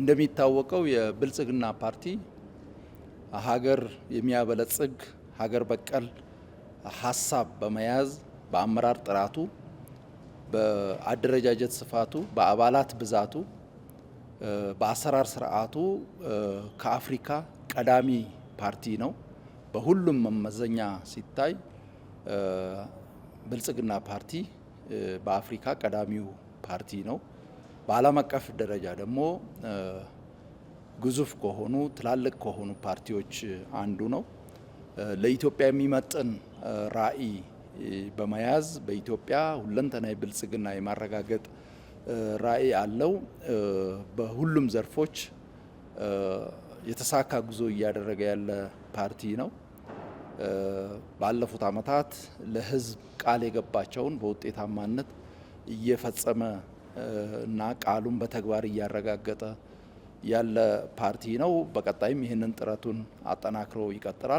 እንደሚታወቀው የብልጽግና ፓርቲ ሀገር የሚያበለጽግ ሀገር በቀል ሀሳብ በመያዝ በአመራር ጥራቱ፣ በአደረጃጀት ስፋቱ፣ በአባላት ብዛቱ፣ በአሰራር ስርዓቱ ከአፍሪካ ቀዳሚ ፓርቲ ነው። በሁሉም መመዘኛ ሲታይ ብልጽግና ፓርቲ በአፍሪካ ቀዳሚው ፓርቲ ነው። በዓለም አቀፍ ደረጃ ደግሞ ግዙፍ ከሆኑ ትላልቅ ከሆኑ ፓርቲዎች አንዱ ነው። ለኢትዮጵያ የሚመጥን ራዕይ በመያዝ በኢትዮጵያ ሁለንተና ብልጽግና የማረጋገጥ ራዕይ አለው። በሁሉም ዘርፎች የተሳካ ጉዞ እያደረገ ያለ ፓርቲ ነው። ባለፉት ዓመታት ለሕዝብ ቃል የገባቸውን በውጤታማነት እየፈጸመ እና ቃሉን በተግባር እያረጋገጠ ያለ ፓርቲ ነው። በቀጣይም ይህንን ጥረቱን አጠናክሮ ይቀጥላል።